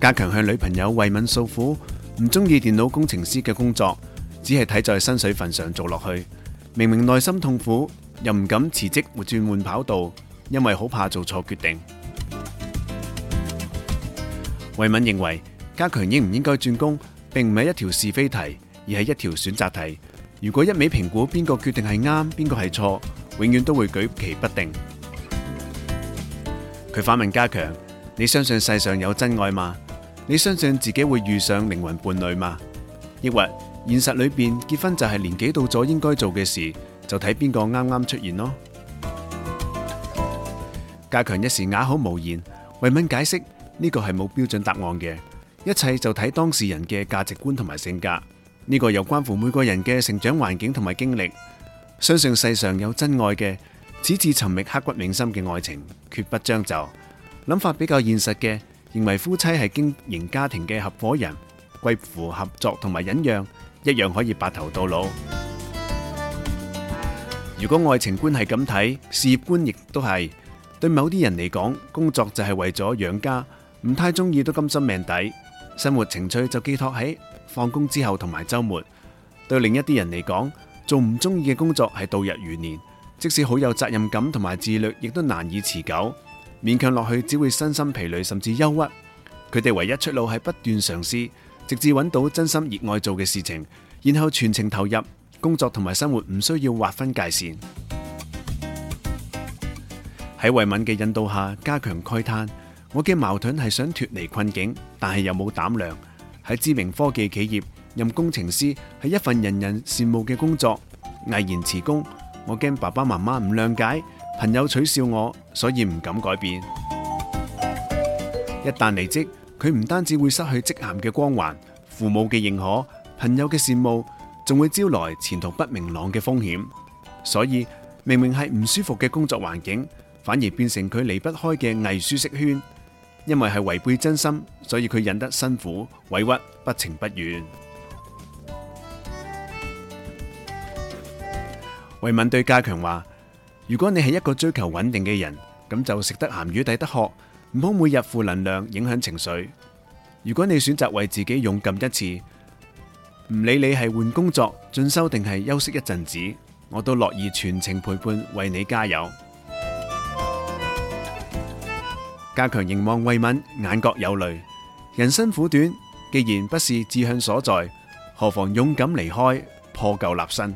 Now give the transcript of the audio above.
家強向女朋友慧敏訴苦，唔中意電腦工程師嘅工作，只係睇在薪水份上做落去。明明內心痛苦，又唔敢辭職或轉換跑道，因為好怕做錯決定。慧敏認為，家強應唔應該轉工，並唔係一條是非題，而係一條選擇題。如果一味評估邊個決定係啱，邊個係錯，永遠都會舉棋不定。佢反問家強：你相信世上有真愛嗎？你相信自己會遇上靈魂伴侶嗎？抑或現實裏邊結婚就係年紀到咗應該做嘅事，就睇邊個啱啱出現咯？家強一時啞口無言，慧敏解釋呢個係冇標準答案嘅，一切就睇當事人嘅價值觀同埋性格，呢個有關乎每個人嘅成長環境同埋經歷。相信世上有真愛嘅，矢志尋覓刻骨銘心嘅愛情，決不將就。諗法比較現實嘅。認為夫妻係經營家庭嘅合夥人，貴乎合作同埋忍讓，一樣可以白頭到老。如果愛情觀係咁睇，事業觀亦都係。對某啲人嚟講，工作就係為咗養家，唔太中意都甘心命抵。生活情趣就寄託喺放工之後同埋周末。對另一啲人嚟講，做唔中意嘅工作係度日如年，即使好有責任感同埋自律，亦都難以持久。勉強落去只會身心疲累甚至憂鬱，佢哋唯一出路係不斷嘗試，直至揾到真心熱愛做嘅事情，然後全情投入工作同埋生活，唔需要劃分界線。喺慧敏嘅引導下，加強慨嘆，我嘅矛盾係想脫離困境，但係又冇膽量。喺知名科技企業任工程師係一份人人羨慕嘅工作，毅然辭工。我驚爸爸媽媽唔諒解，朋友取笑我，所以唔敢改變。一旦離職，佢唔單止會失去職銜嘅光環、父母嘅認可、朋友嘅羨慕，仲會招來前途不明朗嘅風險。所以明明係唔舒服嘅工作環境，反而變成佢離不開嘅偽舒適圈。因為係違背真心，所以佢忍得辛苦、委屈、不情不願。慧敏對家強話，如果你係一個追求穩定嘅人，咁就食得鹹魚抵得渴，唔好每日負能量影響情緒。如果你選擇為自己勇敢一次，唔理你係換工作進修定係休息一陣子，我都樂意全程陪伴，為你加油。家強凝望慧敏，眼角有淚。人生苦短，既然不是志向所在，何妨勇敢離開，破舊立新。